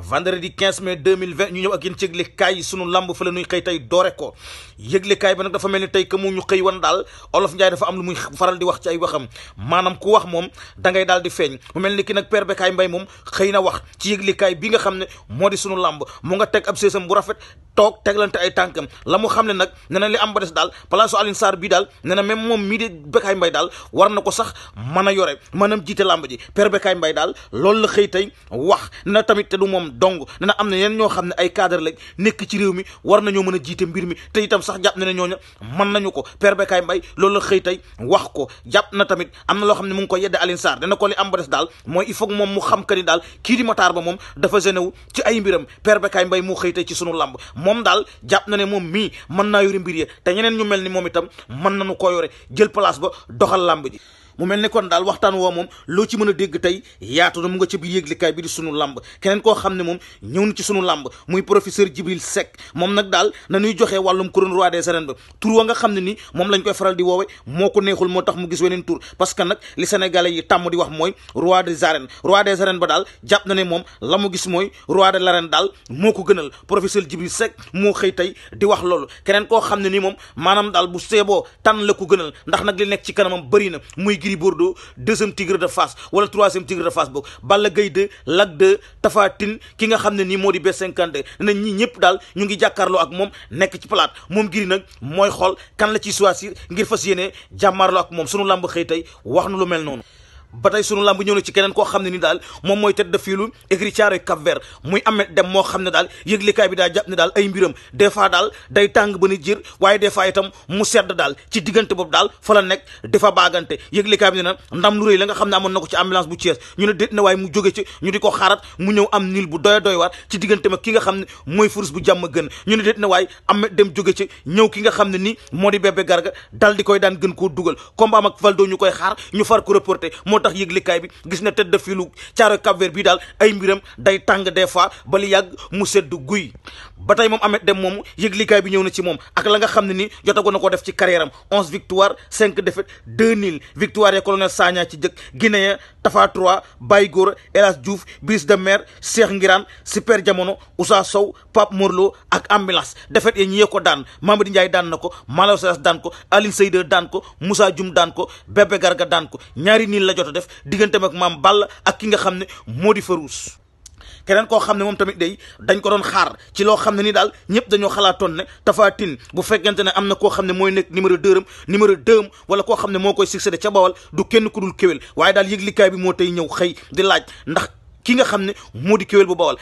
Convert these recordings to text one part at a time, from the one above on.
vendredi 15 mai 2020 ñu ñëw ak yéen ci yëgle kaay yi sunu lamb fa la ñuy xëy tey doore ko yëgle kaay bi nag dafa mel ni tey que mu ñu xëy wan daal olof Njaay dafa am lu muy faral di wax ci ay waxam maanaam ku wax moom da daal di feeñ mu mel ni ki nag père Bekaay Mbay moom xëy na wax ci yëgle kaay bi nga xam ne moo di sunu lamb mu nga teg ab séesam bu rafet toog teglante ay tànkam la mu xam ne nag ne na li am ba des daal place Alioune Sarr bii daal ne na même moom mii daal war na ko sax mën a yore maanaam jiite lamb ji père Bekaay Mbay daal la xëy tey moom dong ne am na yeneen ñoo xam ne ay cadre lañ nekk ci réew mi war nañoo mën a jiite mbir mi te itam sax jàpp na ne ñooña mën nañu ko père Bekaay Mbaye loolu la xëy tey wax ko jàpp na tamit am na loo xam ne mu ngi ko yedde Alioune Sarr dana ko li am des daal mooy i faut moom mu xam que ni daal kii di Matar Ba moom dafa gêné wu ci ay mbiram père Bekaay Mbaye moo xëy tey ci sunu làmb moom daal jàpp na ne moom mii mën naa yore mbir ya te ñeneen ñu mel ni moom itam mën nañu ko yore jël place ba doxal làmb ji mu mel ni kon daal waxtaan woo moom loo ci mën a dégg tey yaatu na mu nga ci biir yëglikaay bi di sunu lamb keneen koo xam ne moom ñëw na ci sunu lamb muy professeur Djibril moom nag daal na ñuy joxe wàllum couronne roi des arènes ba tur wa nga xam ne ni moom lañ koy faral di woowe moo ko neexul moo tax mu gis weneen tur parce que nag li sénégalais yi tàmm di wax mooy roi des arènes roi des arènes ba daal jàpp na ne moom la mu gis mooy roi de l'arène daal moo ko gënal professeur Djibril Seck moo xëy tey di loolu keneen koo xam ne ni moom maanaam daal bu seeboo tànn la ko gënal ndax nag li nekk ci kanamam bëri na muy Gris Bordeaux deuxième tigre de Fass wala troisième tigre de Fass boog Balla Gaye 2 Lac 2 Tapha ki nga xam ne nii moo di B52 na ñi ñëpp daal ñu ngi jàkkaarloo ak moom nekk ci palaat moom Gris nag mooy xool kan la ciy choisir ngir fas yéene jàmmaarloo ak moom sunu làmb xëy tey wax nu lu mel noonu ba tey sunu làmb ñëw na ci keneen koo xam ne ni daal moom mooy tête de filu écrit Thiaroye Cap Vert muy amet dem moo xam ne daal yëglikaay bi daal jàpp ne daal ay mbiram des daal day tàng ba ni jër waaye des fois itam mu sedd daal ci diggante boobu daal fa la nekk dafa baagante yëglikaay bi ne na ndam lu rëy la nga xam ne amoon na ko ci ambulance bu Thiès ñu ne déet na waaye mu jóge ci ñu di ko xaarat mu ñëw am nil bu doy doy waat ci diggante ma ki nga xam ne mooy furus bu jàmm gën na waaye amet dem jóge ci ki nga xam ne nii moo di bébé garga dal di koy daan gën koo dugal combat am ak ñu koy xaar ñu far ko reporté tax yëglikaay bi gis na tëdd fi lu Cap-Vert bii daal ay mbiram day tàng des fois ba li yàgg mu sedd guy ba tey moom Ameth Deme moomu yëglikaay bi ñëw na ci moom ak la nga xam ne ni jotagoon na ko def ci carrière am onze victoire cinq défaites deux nil victoire ya colonel Sagna ci jëkk Guinée Tafa 3 Baye Gora El Hadj Diouf Brise de Mer Cheikh Ngiraan Super Jamono Ousa Sow Pape Morlo ak ambulance défaite ya ñi ko daan Mamadou Ndiaye daan na ko Malaw Salas daan ko Aline Seyde daan ko Moussa Dioum daan def diggante ak maam Balla ak ki nga xam ne moo di Farouz keneen koo xam ne moom tamit day dañ ko doon xaar ci loo xam ne ni daal ñëpp dañoo xalaatoon ne tafaatin bu fekkente ne am na koo xam ne mooy nekk numéro deux am numéro deux am wala koo xam ne moo koy succédé ca bawal du kenn ku dul kéwél waaye daal yëglikaay bi moo tey ñëw xëy di laaj ndax ki nga xam ne moo di kéwél bu bawal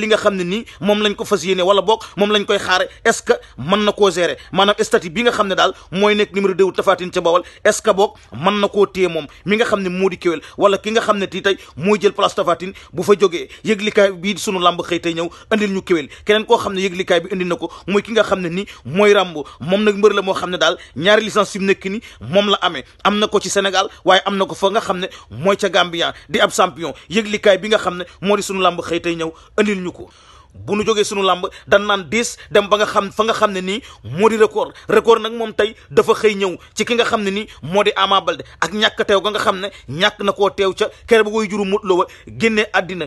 li nga xam ne nii moom lañ ko fas yéene wala boog moom lañ koy xaare est-ce que mën na koo gérer maanaam statut bi nga xam ne daal mooy nekk numéro deux tafaatin ca bawal est-ce nga xam ne moo di kéwél wala ki nga xam ne tii tey mooy jël place tafaatin bu fa jogee jógee yëglikaay bii sunu làmb xëy tey ñëw andil ñu kéwél keneen koo xam ne kaay bi indi na ko mooy ki nga xam ne nii mooy Rambo moom nag mbër la moo xam ne daal ñaari licence yu nekk ni moom la amee am na ko ci Sénégal waaye am na ko fa nga xam ne mooy ca Gambia di ab champion yëglikaay bi nga xam ne moo di sunu làmb xëy tey ñëw andil ñu ko bu nu jógee sunu làmb dan naan diis dem ba nga xam fa nga xam ne nii moo di record record nag moom tey dafa xëy ñëw ci ki nga xam ne nii moo di Ama Baldé ak ñàkk teew ga nga xam ne ñàkk na koo teew ca kere ba koy juru Modou Lo wa génnee àddina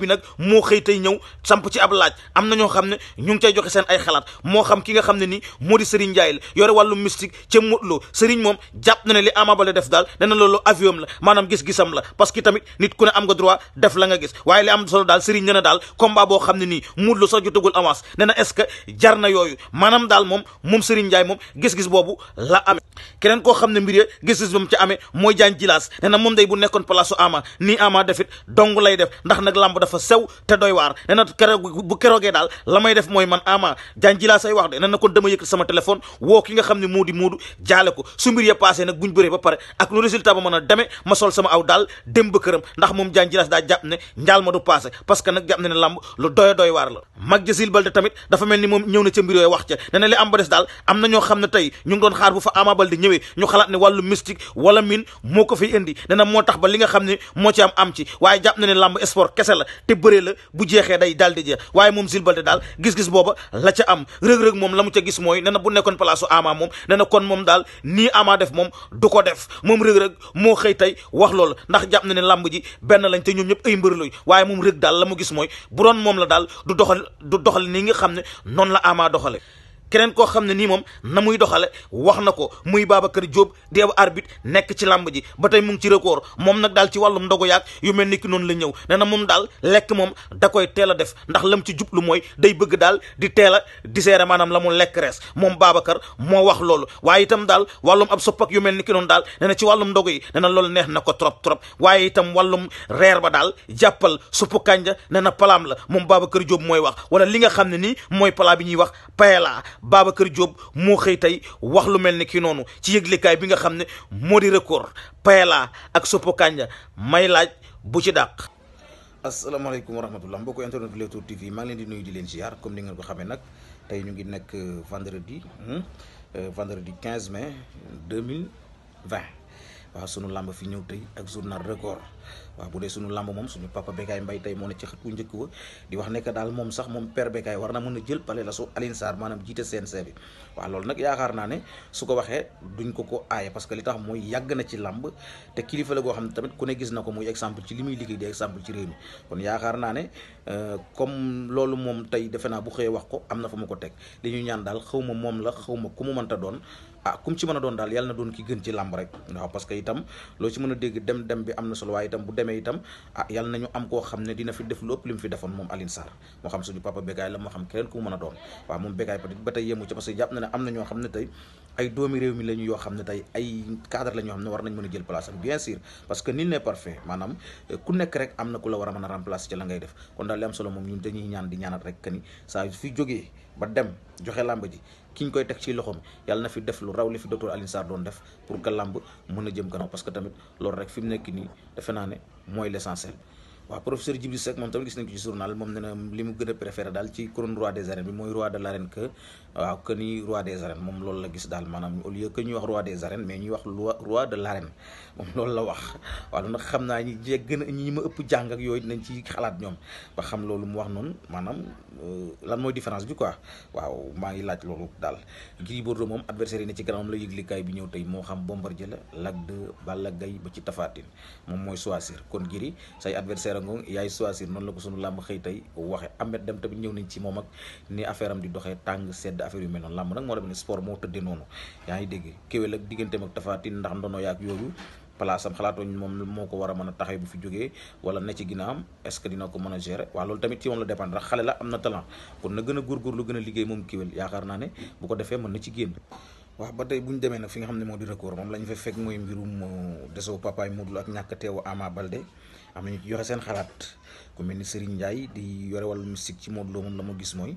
bi nag moo xëy tey ñëw samp ci ab laaj am na ñoo xam ne ñu ngi cay joxe seen ay xalaat moo xam ki nga xam ne nii moo di Serigne Ndiaye la yore wallu mystique ca Modou Lo Serigne moom jàpp na ne li Ama Baldé def daal dana loolu avion la maanaam gis-gisam la parce que tamit nit ku ne am nga droit def la nga gis waaye li am daal Serigne na daal nii Modou Lo sax jotagul avance nee na est yooyu maanaam daal moom moom Serigne Ndiaye moom gis-gis boobu la amee keneen koo xam ne mbir gis-gis ba mu ci mooy jaan jilaas nee na day bu nekkoon place ama nii ama defit dong lay def ndax nag làmb dafa sew te doy waar nee na la may def mooy man ama jaan jilaas ay wax de nee na dama yëkkati sama téléphone woo ki xam ne moo di Modou jaale ko su mbir ya nag buñ bëree ba pare ak nu résultat ba mën a demee ma sol sama aw daal dem ba ndax doy waar moom ñëw na ca mbir yooyu wax ca ne na li am ba des moo tax ba li nga xam ne moo ci am am ci waaye jàpp na ne làmb sport la bu jeexee day daal di jeex waaye moom Jules Baldé daal gis-gis booba la ca am rëg-rëg moom la mu ca gis mooy ne na bu nekkoon place u Ama moom ne na kon moom daal nii Ama def moom du def moom rëg-rëg moo xëy tey wax loolu ndax jàpp na ne làmb ji benn lañ te ñoom ñëpp ay mbër waaye moom rëg daal la mu gis mooy bu doon moom la daal du doxal du doxal ni nga xam ne noonu la Ama doxale keneen koo xam ne nii moom na muy doxale wax na ko muy Babacar Diop deebu arbitre nekk ci làmb ji ba tey mu ngi ci record moom nag daal ci wàllum ndogu yaag yu mel ni ki noonu la ñëw nee na moom daal lekk moom da koy teel a def ndax lam ci jublu mooy day bëgg daal di teel a diseere maanaam la mu lekk rees moom Babacar moo wax loolu waaye itam daal wàllum ab soppak yu mel ni ki daal nee na ci wàllum ndogu yi nee na loolu neex na ko trop trop waaye itam wàllum reer ba daal jàppal suppu kànja nee na palaam la moom Babacar Diop mooy wax wala li nga xam ne nii mooy palaa bi ñuy wax paella baaba kër Diop moo xëy tey wax lu mel ni ki noonu ci yëglekaay bi nga xam ne moo di record Payala ak Sopo Kanja may laaj bu ci dàq. asalaamaaleykum wa rahmatulah mbokk internet Leewtoo TV maa ngi leen di nuyu di leen ziar comme ni ngeen ko xamee nag tey ñu ngi nekk euh, vendredi hmm, euh, vendredi 15 mai 2020 waaw sunu làmb fi ñëw tey ak journal record. waaw bu dee suñu lamb moom suñu papa Bécaye Mbaye tey moo ne ci xët bu njëkk wa di wax nekk daal moom sax moom père Bécaye war na mën a jël pale la su Alioune maanaam jiite CNG bi waaw loolu nag yaakaar naa ne su ko waxee duñ ko ko aaye parce que li tax mooy yàgg na ci lamb te kilifa la goo xam ne tamit ku ne gis na ko muy exemple ci li muy liggéey di exemple ci réew mi kon yaakaar naa ne euh, comme loolu moom tey defe naa bu xëyee wax ko am na fa mu ko teg li ma moom la xaw ma ku mu mënta doon ah kum ci mën a doon daal yàlla na a demee itam ah yal nañu am koo xam ne dina fi def lépp li fi defoon moom Alioune moo xam suñu papa Bécaye la moo xam keneen ku mën a doon waaw moom Bécaye peut ba tey yemu ci parce que jàpp ñu ne tey a maanaam euh, ku nekk rek am na ku la war a mën a remplacer ci la ngay def kon daal li am solo moom ñun dañuy ñaan di ñaanal rek que ni saa fi jógee ba dem joxe làmb ji ki ñu koy teg ci loxoom yàlla na fi def lu raw li fi docteur Alioune Sarr doon def pour que a jëm fi mu nekk nii defe mooy l'essentiel waaw professeur Djibril Seck moom tamit gis nañ ci journal moom ne na li mu gën a préféré daal ci couronne roi des arènes bi mooy roi de l'arène que waaw que ni roi des arènes moom loolu la gis daal wax roi des arènes mais ñuy wax roi de l'arène moom loolu la wax waaw nag xam naa ñi je gën ñi ma ëpp jàng ak yooyu nañ ci xalaat ñoom ba xam loolu mu wax noonu maanaam euh, lan mooy différence bi quoi waaw maa ngi laaj loolu daal Gris Bordeaux moom adversaire yi ne ci gannaawam la yëglikaay bi ñëw tey moo xam Bombardier la Lac de ba ci Tapha moom mooy choisir kon Gris nga yaay choisir noonu la ko sunu làmb xëy tey waxe Ahmed Deme tamit ñëw nañ ci moom ak ni affaire di doxee tàng sedd affaire yu mel làmb nag moo dem ne a mën a taxawee bu a xale la am na talent kon na gën a góorgóorlu gën a liggéey moom kéwél yaakaar naa ne bu ko defee mën na ci génn waaw ba tey bu ñu demee nag fi nga xam ne moo di record moom la ñu fa fekk mooy mbirum euh, desoo papaay Modou Lo ak ñàkk teewu Ama Balde am nañu ci joxe seen xalaat ku mel ni Serigne Ndiaye di yore wàllu mystique ci Modou Lo moom la ma gis mooy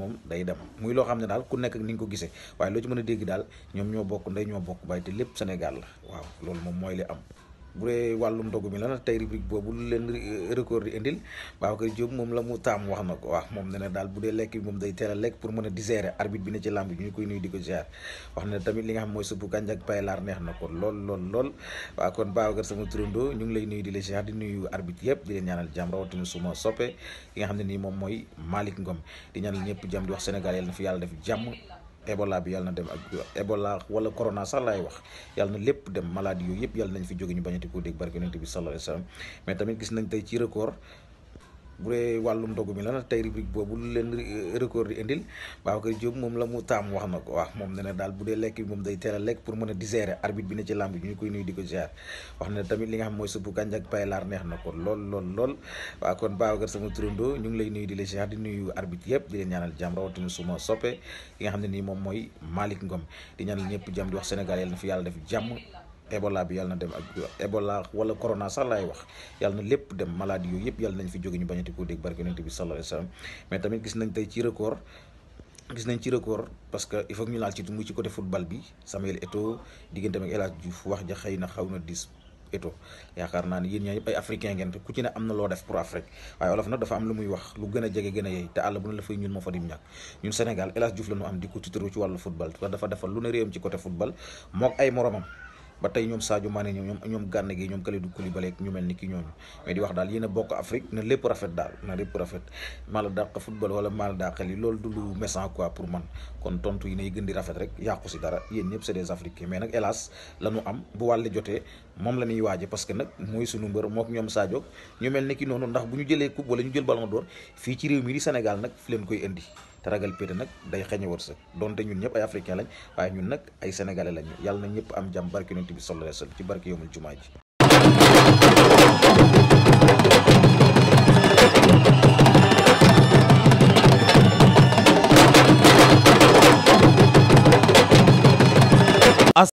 moom day dem muy loo xam ne daal ku nekk ak ni nga ko gisee waaye loo ci mën a dégg daal ñoom ñoo bokk ndey ñoo bokk bàyyi te lépp Sénégal la waaw loolu moom mooy li am bu dee wàllum ndogu mi la nag tey rubrique boobu lu leen record di indil Babacar Diop moom la mu taam wax na ko waaw moom ne na daal bu dee lekk bi moom day teel lekk pour mën a digérer arbitre bi ne ci làmb bi ñu koy nuyu di ko ziar wax na tamit nga xam mooy suppu kànja ak paylaar neex na ko lool lool lool waaw kon Babacar sama turandoo ñu ngi lay nuyu di la ziar di nuyu arbitre yëpp di leen ñaanal jàmm rawatina suma soppee ki nga xam ne nii moom mooy Malick Ngom di ñaanal ñëpp jàmm di wax Sénégal yàlla na fi yàlla def jàmm Ebola bi yàlla na dem ak Ebola wala corona sax lay wax yàlla na lépp dem maladie yooyu yëpp yàlla nañ fi jóge ñu bañati ko dégg barke yonent bi sallallahu alayhi wasallam mais tamit gis nañ tey ci record bu dee wàllum ndogu mi la nag tey rubrique boobu lu leen euh, record di indil Babacar Diop moom la mu taam wax na ko waaw moom ne na daal bu dee lekk bi moom day teel lekk pour mën a digérer arbitre bi ne ci làmb bi ñu koy nuyu di ko ziar wax tamit li xam mooy suppu kànja ak paylaar neex na ko lool lool lool waaw kon Babacar sama turandoo ñu ngi lay nuyu di la ziar di nuyu arbitre yëpp di leen ñaanal jàmm rawatina suma soppee ki nga xam ne nii moom mooy Malick Ngom di ñaanal ñëpp jàmm di wax Sénégal yàlla na fi yàlla def jàmm Ebola bi yàlla na dem Ebola wala corona sax laay wax yàlla na lépp dem maladie yooyu yëpp yàlla nañ fi jóge ñu bañati ko dégg barke yonent bi sallallahu alayhi wasallam mais tamit gis nañ tey ci record gis nañ ci record parce que il faut ñu laal ci mu ci côté football bi Samuel Eto'o diggante ak El wax ja na xaw na dis Eto'o yaakaar naa ne yéen ñaa ñëpp ay africain ngeen am na loo def pour Afrique waaye olof nag dafa am lu muy wax lu a jege gën àll bu ne la fay ñun moo fa dim ñàkk ñun Sénégal El Hadj Diouf la ñu am di ko titre ci wàllu football dafa defal lu ne réewam ci côté football mook ay moromam ba tey ñoom Sadio Mané ñoom ñoom Gana Gueye ñoom Kalidou Koulibaly ak ñu mel ni ki ñooñu mais di wax daal yéen a bokk Afrique na lépp rafet daal na lépp rafet maa dàq football wala maa dàq li loolu du lu méchant quoi pour man kon tontu yi nay gën di rafet rek yàqu si dara yéen ñëpp c'est des Africains mais nag hélas la ñu am bu wàllu jotee moom la ñuy waaje parce que nag mooy sunu mbër mook ñoom Sadio ñu mel ni ki noonu ndax bu ñu jëlee coupe wala ñu jël ballon d'or fii ci réew mi di Sénégal nag fi leen koy indi te ragal pété nag day xañe wërsëg donte ñun ñëpp ay africain lañ waaye ñun nag ay sénégalais lañu yàlla na ñëpp am jàmm barke yonent bi sallallahu alayhi wasallam ci barke yowmul jumaa ji